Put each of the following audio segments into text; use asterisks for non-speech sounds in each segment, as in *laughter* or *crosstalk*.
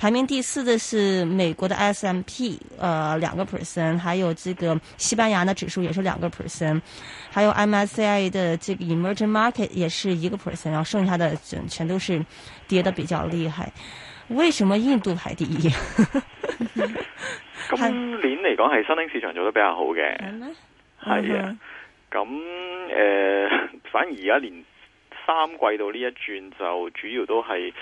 排名第四的是美國的 S M P，呃，兩個 percent，還有這個西班牙的指數也是兩個 percent，還有 M S C I 的這個 Emergent Market 也是一個 percent，然後剩下的全全都是跌得比較厲害。為什麼印度排第一？今 *laughs* *laughs* 年嚟講係新興市場做得比較好嘅，係啊，咁誒、呃，反而而家連。三季度呢一轉就主要都係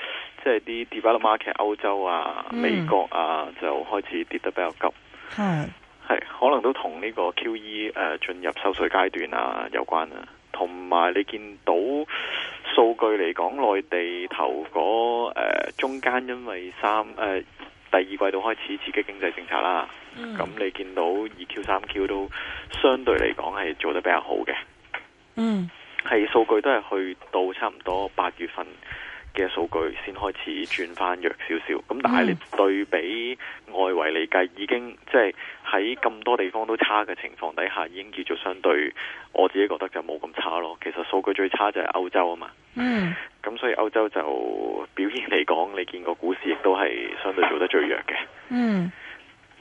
即係、就、啲、是、develop market 歐洲啊、嗯、美國啊就開始跌得比較急，係可能都同呢個 QE 誒、呃、進入收稅階段啊有關啊。同埋你見到數據嚟講內地頭嗰誒、呃、中間因為三誒、呃、第二季度開始刺激經濟政策啦，咁、嗯、你見到二 Q 三 Q 都相對嚟講係做得比較好嘅，嗯。係數據都係去到差唔多八月份嘅數據先開始轉翻弱少少，咁但係你對比外圍嚟計，已經即係喺咁多地方都差嘅情況底下，已經叫做相對，我自己覺得就冇咁差咯。其實數據最差就係歐洲啊嘛，嗯，咁所以歐洲就表現嚟講，你見個股市亦都係相對做得最弱嘅，嗯、mm.。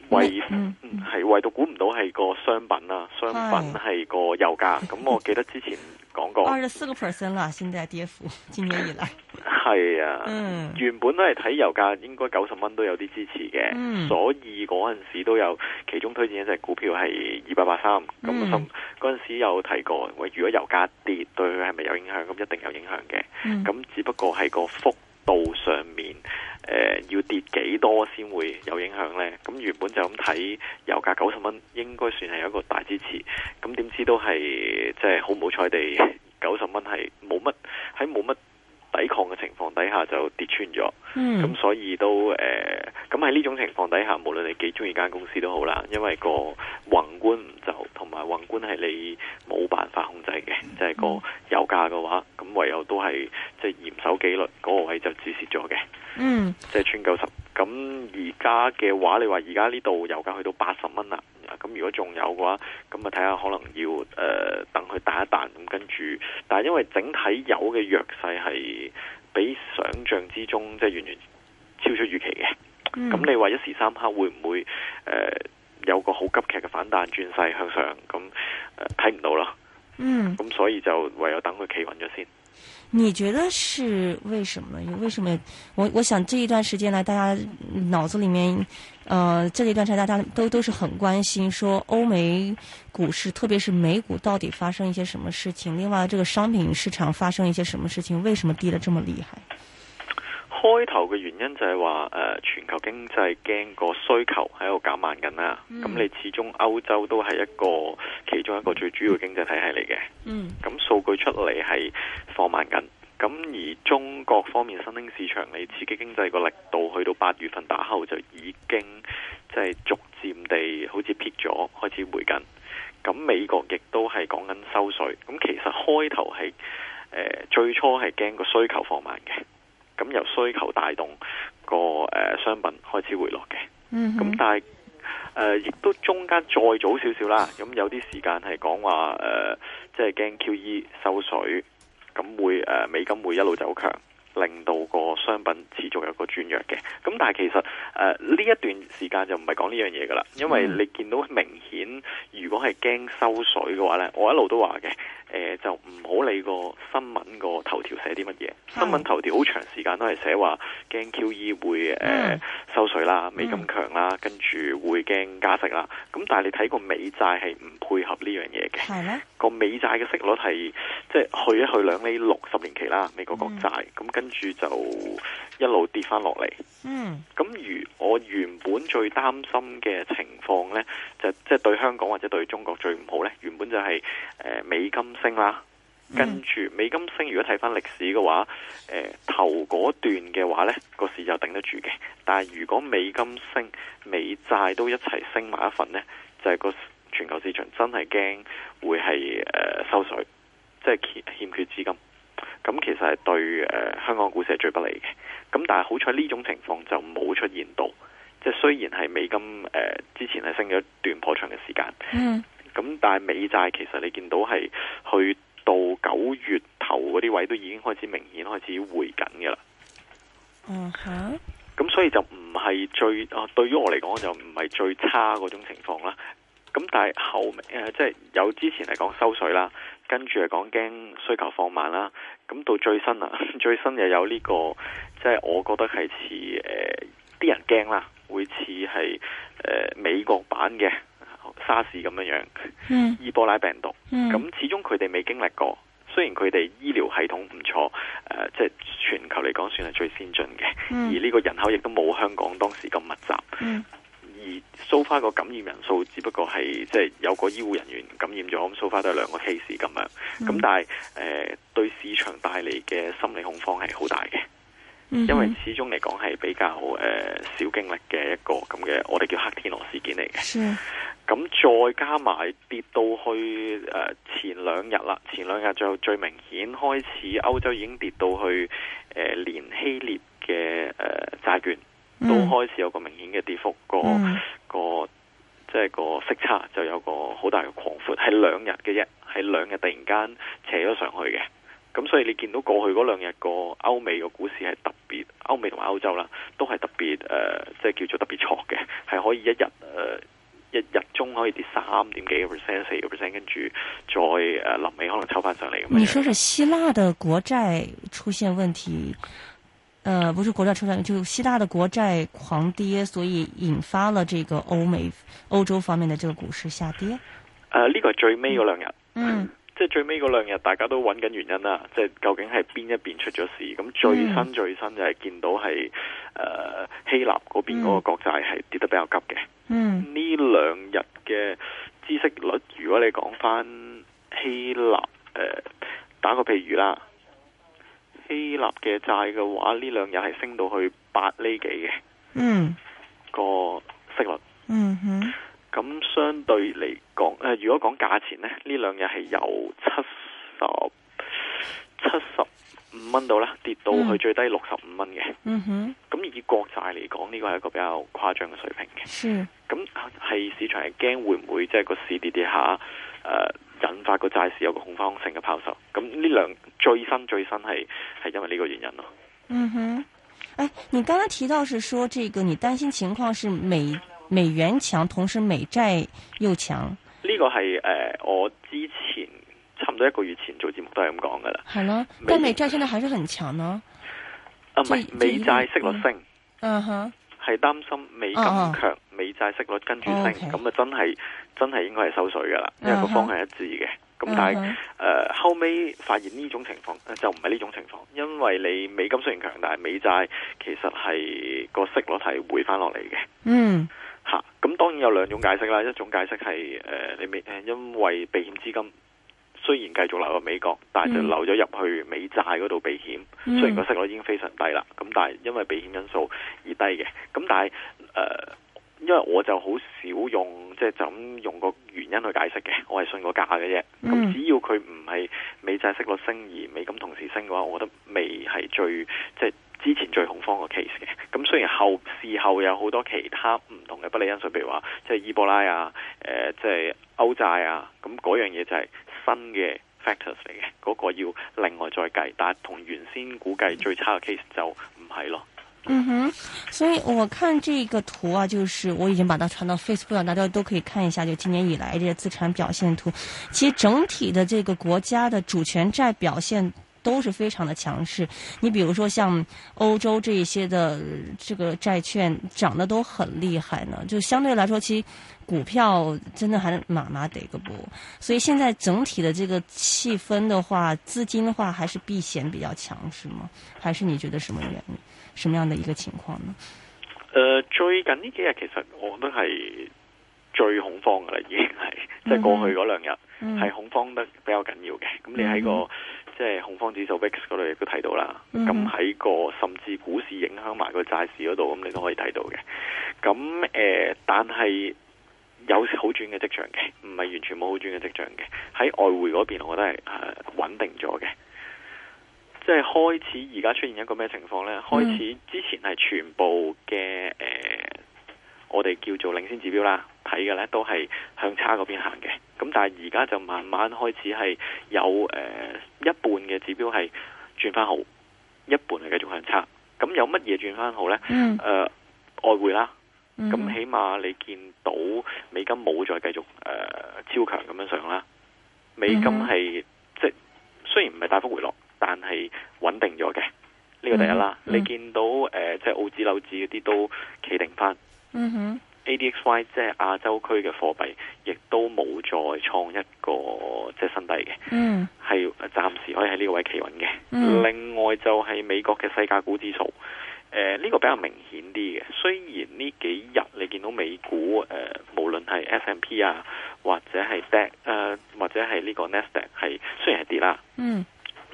維繫維到估唔到係個商品啦，商品係個油價。咁我記得之前講過，二十四個 percent 啦，先至跌幅，今年以來係啊。嗯，原本都係睇油價，應該九十蚊都有啲支持嘅，嗯。所以嗰陣時都有其中推薦一隻股票係二百八三。咁嗰陣時有提過，喂，如果油價跌，對佢係咪有影響？咁一定有影響嘅。咁、嗯、只不過係個幅。道上面，呃、要跌幾多先會有影響呢？咁原本就咁睇，油價九十蚊應該算係一個大支持。咁點知都係即係好唔好彩地，九十蚊係冇乜喺冇乜抵抗嘅情況底下就跌穿咗。咁、嗯、所以都誒，咁喺呢種情況底下，無論你幾中意間公司都好啦，因為個宏觀唔就同埋宏觀係你冇辦法控制嘅，即、就、係、是、個油價嘅話。嗯咁唯有都係即係嚴守紀律，嗰、那個位就止蝕咗嘅。嗯，即係穿九十。咁而家嘅話，你話而家呢度油價去到八十蚊啦。咁如果仲有嘅話，咁啊睇下可能要誒、呃、等佢彈一彈。咁跟住，但係因為整體油嘅弱勢係比想象之中即係、就是、完全超出預期嘅。咁、嗯、你話一時三刻會唔會誒、呃、有個好急劇嘅反彈轉勢向上？咁誒睇唔到咯。嗯，咁所以就唯有等佢企穩咗先。你覺得是為什麼呢？為什麼？我我想這一段時間來，大家腦子裏面，呃，這一段時間大家都都是很關心，說歐美股市，特別是美股到底發生一些什麼事情？另外，這個商品市場發生一些什麼事情？為什麼跌得這麼厲害？開頭嘅原因就係話，誒、呃，全球經濟驚個需求喺度減慢緊啦。咁、嗯、你始終歐洲都係一個其中一個最主要嘅經濟體系嚟嘅。嗯。咁數據出嚟係放慢緊，咁而中國方面新興市場你刺激經濟個力度去到八月份打後就已經即係逐漸地好似撇咗開始回緊。咁美國亦都係講緊收稅。咁其實開頭係誒、呃、最初係驚個需求放慢嘅。咁由需求帶動，那個誒、呃、商品開始回落嘅，咁、mm -hmm. 但係誒、呃、亦都中間再早少少啦，咁有啲時間係講話誒，即係驚 QE 收水，咁會誒、呃、美金會一路走強，令到個商品持續有個轉弱嘅。咁但係其實誒呢、呃、一段時間就唔係講呢樣嘢噶啦，因為你見到明顯如果係驚收水嘅話咧，我一路都話嘅。誒，就唔好理個新聞個頭條寫啲乜嘢，新聞頭條好長時間都係寫話驚 QE 會誒、呃、收水啦，美金強啦，跟住會驚加息啦。咁但係你睇個美債係唔配合呢樣嘢嘅，係個美債嘅息率係即係去一去兩厘六十年期啦，美國國債，咁跟住就一路跌翻落嚟。嗯，咁如我原本最擔心嘅情況咧，就即係對香港或者對中國最唔好咧，原本就係誒美金啦、嗯，跟住美金升。如果睇翻歷史嘅話，誒、呃、頭嗰段嘅話呢個市就頂得住嘅。但係如果美金升、美債都一齊升埋一份呢，就係、是、個全球市場真係驚會係誒收水，即、就、係、是、欠缺資金。咁其實係對誒香港股市係最不利嘅。咁但係好彩呢種情況就冇出現到。即、就、係、是、雖然係美金誒、呃、之前係升咗一段頗長嘅時間。嗯咁但係美債其實你見到係去到九月頭嗰啲位都已經開始明顯開始回緊嘅啦，嗯吓，咁所以就唔係最啊，對於我嚟講就唔係最差嗰種情況啦。咁但係後尾誒，即係有之前嚟講收水啦，跟住嚟講驚需求放慢啦，咁到最新啊，最新又有呢個，即係我覺得係似誒啲人驚啦，會似係誒美國版嘅。沙士咁樣樣，伊、嗯、波拉病毒，咁、嗯、始終佢哋未經歷過，雖然佢哋醫療系統唔錯，誒、呃、即、就、係、是、全球嚟講算係最先進嘅、嗯，而呢個人口亦都冇香港當時咁密集，嗯、而 so far 個感染人數，只不過係即係有個醫護人員感染咗，so far 都係兩個 case 咁樣，咁、嗯、但係誒、呃、對市場帶嚟嘅心理恐慌係好大嘅、嗯，因為始終嚟講係比較誒少、呃、經歷嘅一個咁嘅，我哋叫黑天鵝事件嚟嘅，咁再加埋跌到去誒，前兩日啦，前兩日就最明顯開始，歐洲已經跌到去誒，連希臘嘅誒債券都開始有個明顯嘅跌幅，嗯、個個即係、就是、個息差就有個好大嘅擴闊。係兩日嘅啫，係兩日突然間扯咗上去嘅。咁所以你見到過去嗰兩日個歐美嘅股市係特別，歐美同歐洲啦，都係特別誒，即、就、係、是、叫做特別挫嘅，係可以一日誒。呃一日中可以跌三點幾個 percent，四個 percent，跟住再誒，臨、呃、尾可能抽翻上嚟。咁樣你說是希臘的國債出現問題，呃，不是國債出現問題，就希臘的國債狂跌，所以引發了這個歐美歐洲方面的這個股市下跌。誒、呃，呢、這個係最尾嗰兩日。嗯。即係最尾嗰兩日，大家都揾緊原因啦。即係究竟係邊一邊出咗事？咁最新最新就係見到係誒、呃、希臘嗰邊嗰個國債係跌得比較急嘅。嗯，呢兩日嘅孳息率，如果你講翻希臘誒、呃，打個譬如啦，希臘嘅債嘅話，呢兩日係升到去八厘幾嘅。嗯。如果講價錢呢，呢兩日係由七十七十五蚊度啦，跌到去最低六十五蚊嘅。嗯哼，咁以國債嚟講，呢、這個係一個比較誇張嘅水平嘅。咁係市場係驚會唔會即係、就是、個市跌跌下，誒、呃、引發個債市有個恐慌性嘅拋售。咁呢兩最新最新係係因為呢個原因咯。嗯哼，哎、你剛剛提到是說，這個你擔心情況是美元美元強，同時美債又強。呢個係誒，我之前差唔多一個月前做節目都係咁講噶啦。係咯、啊，但美債現在還是很強咯。啊，唔、呃、係美債息率升，嗯哼、係、uh、擔 -huh, 心美金強，uh -huh, 美債息率跟住升，咁、uh、啊 -huh, okay, 真係真係應該係收水噶啦，因為個方向一致嘅。咁、uh -huh, 但係誒、uh -huh, 呃、後尾發現呢種情況就唔係呢種情況，因為你美金雖然強，但美債其實係個息率係回翻落嚟嘅。Uh -huh, 嗯。吓、啊，咁當然有兩種解釋啦。一種解釋係、呃、你未因為避險資金雖然繼續流入美國，但係就流咗入去美債嗰度避險，嗯、雖然個息率已經非常低啦，咁但係因為避險因素而低嘅。咁但係、呃、因為我就好少用即係就咁、是、用個原因去解釋嘅，我係信個價嘅啫。咁、嗯、只要佢唔係美債息率升而美金同時升嘅話，我覺得未係最即係、就是、之前最恐慌嘅 case 嘅。咁雖然後事後有好多其他嘅不利因素，譬如話即係伊波拉啊，誒、呃，即係歐債啊，咁、嗯、嗰樣嘢就係新嘅 factors 嚟嘅，嗰、那個要另外再計，但係同原先估計最差嘅 case 就唔係咯。嗯哼，所以我看這個圖啊，就是我已經把它傳到 Facebook，大家都可以看一下，就今年以來啲資產表現圖。其實整體的這個國家的主權債表現。都是非常的強勢，你比如說像歐洲這一些的這個債券漲得都很厲害呢，就相對來說，其實股票真的還麻麻得個波。所以現在整體的這個氣氛的話，資金的話還是避險比較強勢嗎？還是你覺得什麼原因？什麼樣的一個情況呢？呃，最近呢幾日其實我都係最恐慌嘅啦，已經係即係過去嗰兩日係恐慌得比較緊要嘅。咁你喺個。即係恐慌指數 VIX 嗰度亦都睇到啦，咁、mm、喺 -hmm. 個甚至股市影響埋個債市嗰度，咁你都可以睇到嘅。咁誒、呃，但係有好轉嘅迹象嘅，唔係完全冇好轉嘅迹象嘅。喺外匯嗰邊，我覺得係誒穩定咗嘅。即、就、係、是、開始而家出現一個咩情況呢？Mm -hmm. 開始之前係全部嘅誒、呃，我哋叫做領先指標啦。睇嘅咧都係向差嗰邊行嘅，咁但係而家就慢慢開始係有誒、呃、一半嘅指標係轉翻好，一半係繼續向差。咁有乜嘢轉翻好咧？誒、mm -hmm. 呃，外匯啦，咁、mm -hmm. 起碼你見到美金冇再繼續誒、呃、超強咁樣上啦，美金係、mm -hmm. 即雖然唔係大幅回落，但係穩定咗嘅。呢、mm -hmm. 個第一啦，mm -hmm. 你見到誒、呃、即係澳紙、紐紙嗰啲都企定翻。嗯哼。A D X Y 即係亞洲區嘅貨幣，亦都冇再創一個即係新低嘅，係、mm. 暫時可以喺呢個位企穩嘅。Mm. 另外就係美國嘅世界股指數，誒、呃、呢、這個比較明顯啲嘅。雖然呢幾日你見到美股誒、呃，無論係 S&P 啊，或者係跌誒，或者係呢個 Nasdaq 係雖然係跌啦。嗯、mm.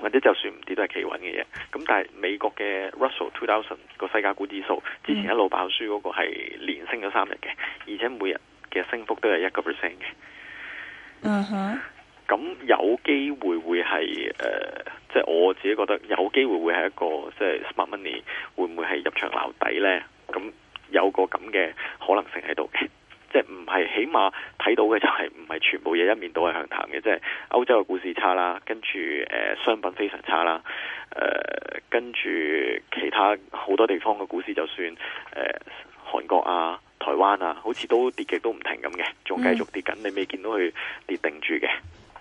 或者就算唔跌都係企穩嘅嘢，咁但係美國嘅 Russell Two Thousand 個細價股指數之前一路爆輸嗰個係連升咗三日嘅，而且每日嘅升幅都係一個 percent 嘅。嗯哼，咁、uh -huh. 有機會會係誒，即、呃、係、就是、我自己覺得有機會會係一個即係、就是、smart money 會唔會係入場撈底咧？咁有個咁嘅可能性喺度嘅。即係唔係，起碼睇到嘅就係唔係全部嘢一面都係向淡嘅，即係歐洲嘅股市差啦，跟住誒、呃、商品非常差啦，誒、呃、跟住其他好多地方嘅股市就算誒韓、呃、國啊、台灣啊，好似都跌極都唔停咁嘅，仲繼續跌緊，mm. 你未見到佢跌定住嘅，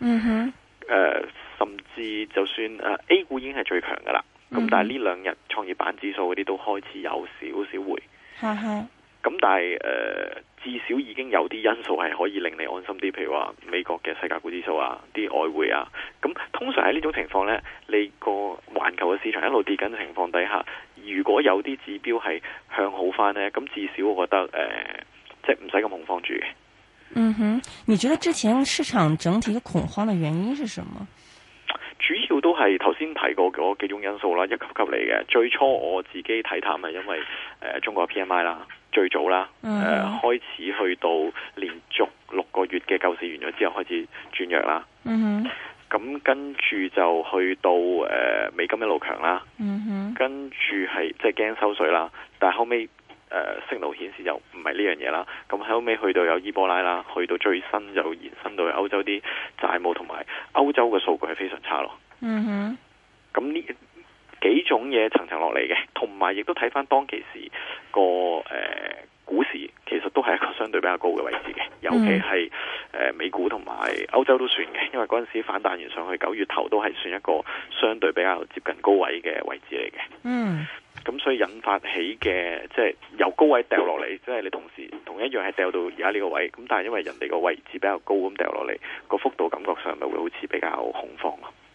嗯、mm、哼 -hmm. 呃，誒甚至就算誒、啊、A 股已經係最強噶啦，咁、mm -hmm. 但係呢兩日創業板指數嗰啲都開始有少少回， *laughs* 咁但係誒、呃，至少已經有啲因素係可以令你安心啲，譬如話美國嘅世界股指數啊，啲外匯啊。咁、嗯、通常喺呢種情況呢，你個環球嘅市場一路跌緊嘅情況底下，如果有啲指標係向好翻呢，咁、嗯、至少我覺得誒、呃，即係唔使咁恐慌住嘅。嗯哼，你覺得之前市場整體恐慌嘅原因是什麼？主要都係頭先提過嗰幾種因素啦，一級級嚟嘅。最初我自己睇淡係因為誒、呃、中國 P M I 啦。最早啦，誒、呃、uh-huh. 開始去到連續六個月嘅救市，完咗之後開始轉弱啦。嗯、uh-huh. 咁跟住就去到誒、呃、美金一路強啦。Uh-huh. 跟住係即係驚收水啦。但係後尾誒，訊號顯示就唔係呢樣嘢啦。咁後尾去到有伊波拉啦，去到最新就延伸到去歐洲啲債務同埋歐洲嘅數據係非常差咯。嗯哼，咁呢？幾種嘢，層層落嚟嘅，同埋亦都睇翻當其時個誒股市，其實都係一個相對比較高嘅位置嘅，尤其係誒美股同埋歐洲都算嘅，因為嗰陣時反彈完上去九月頭都係算一個相對比較接近高位嘅位置嚟嘅。嗯，咁所以引發起嘅即係由高位掉落嚟，即係你同時同一樣係掉到而家呢個位，咁但係因為人哋個位置比較高，咁掉落嚟個幅度感覺上咪會好似比較恐慌咯。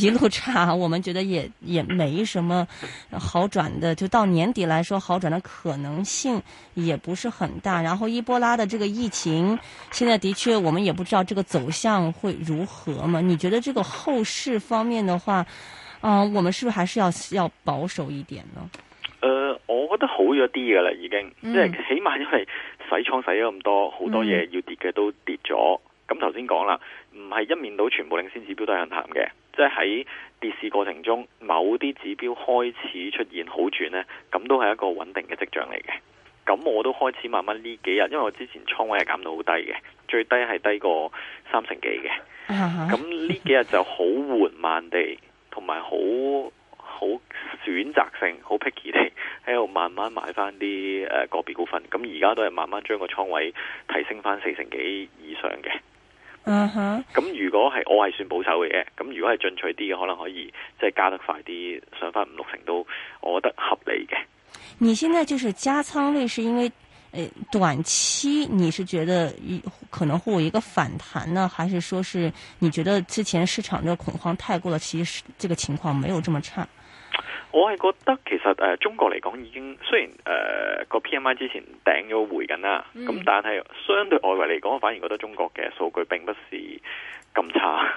一路差，我們覺得也也沒什麼好轉的，就到年底來說好轉的可能性也不是很大。然後，伊波拉的這個疫情，現在的確我們也不知道這個走向會如何嘛？你覺得這個後市方面的話，啊、呃，我們是不是還是要要保守一點呢？呃，我覺得好咗啲噶啦，已經，嗯、即係起碼因為洗倉洗咗咁多，好多嘢要跌嘅都跌咗。咁頭先講啦，唔係一面倒全部領先指標都係向淡嘅。即係喺跌市過程中，某啲指標開始出現好轉呢，咁都係一個穩定嘅跡象嚟嘅。咁我都開始慢慢呢幾日，因為我之前倉位係減到好低嘅，最低係低過三成、uh -huh. 幾嘅。咁呢幾日就好緩慢地，同埋好好選擇性、好 picky 地喺度慢慢買翻啲誒個別股份。咁而家都係慢慢將個倉位提升翻四成幾以上嘅。嗯哼，咁如果係我係算保守嘅，咁如果係進取啲嘅，可能可以即係加得快啲，上翻五六成都，我覺得合理嘅。你現在就是加倉位，是因爲誒、呃、短期你是覺得可能會有一個反彈呢？還是說是你覺得之前市場的恐慌太過了？其實這個情況沒有這麼差。我係覺得其實誒、呃，中國嚟講已經雖然誒個、呃、P M I 之前頂咗回緊啦，咁、嗯、但係相對外圍嚟講，我反而覺得中國嘅數據並不是咁差，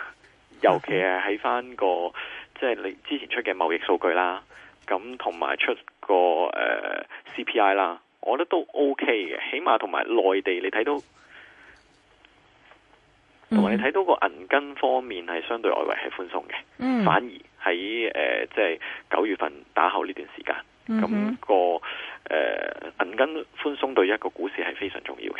尤其係喺翻個即係、就是、你之前出嘅貿易數據啦，咁同埋出、那個誒、呃、C P I 啦，我覺得都 O K 嘅，起碼同埋內地你睇到同埋你睇到個銀根方面係相對外圍係寬鬆嘅，反而。喺誒即係九月份打後呢段時間，咁、嗯，那個誒、呃、銀根寬鬆對一個股市係非常重要嘅。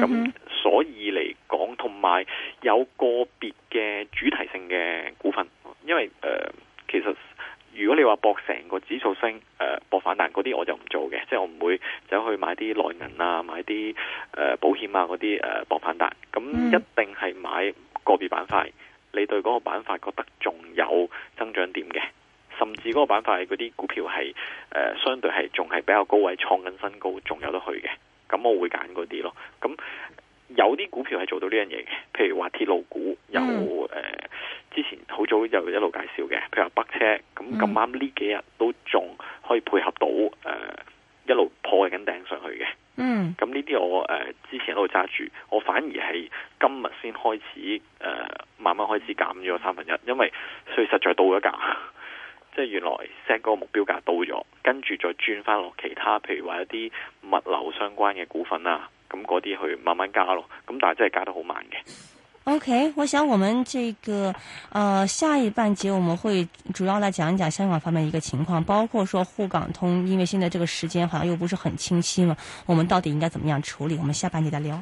咁、嗯、所以嚟講，同埋有，有個別嘅主題性嘅股份，因為誒、呃、其實如果你話博成個指數升，誒、呃、博反彈嗰啲我就唔做嘅，即、就、係、是、我唔會走去買啲內銀啊，買啲誒、呃、保險啊嗰啲誒博反彈。板塊嗰啲股票係，誒、呃、相對係仲係比較高位，創緊新高，仲有得去嘅。咁我會揀嗰啲咯。咁有啲股票係做到呢樣嘢嘅，譬如話鐵路股，嗯、有誒、呃、之前好早就一路介紹嘅，譬如話北車，咁咁啱呢幾日都仲可以配合到誒、呃、一路破緊頂上去嘅。嗯，咁呢啲我誒之前一路揸住，我反而係今日先開始誒、呃、慢慢開始減咗三分一，因為所以實在到咗價。即係原來 set 嗰個目標價到咗，跟住再轉翻落其他，譬如話一啲物流相關嘅股份啊，咁嗰啲去慢慢加咯。咁但係真係加得好慢嘅。OK，我想我們這個，呃，下一半節我們會主要來講一講香港方面一個情況，包括說滬港通，因為現在這個時間好像又不是很清晰嘛，我們到底應該怎麼樣處理？我們下半節再聊。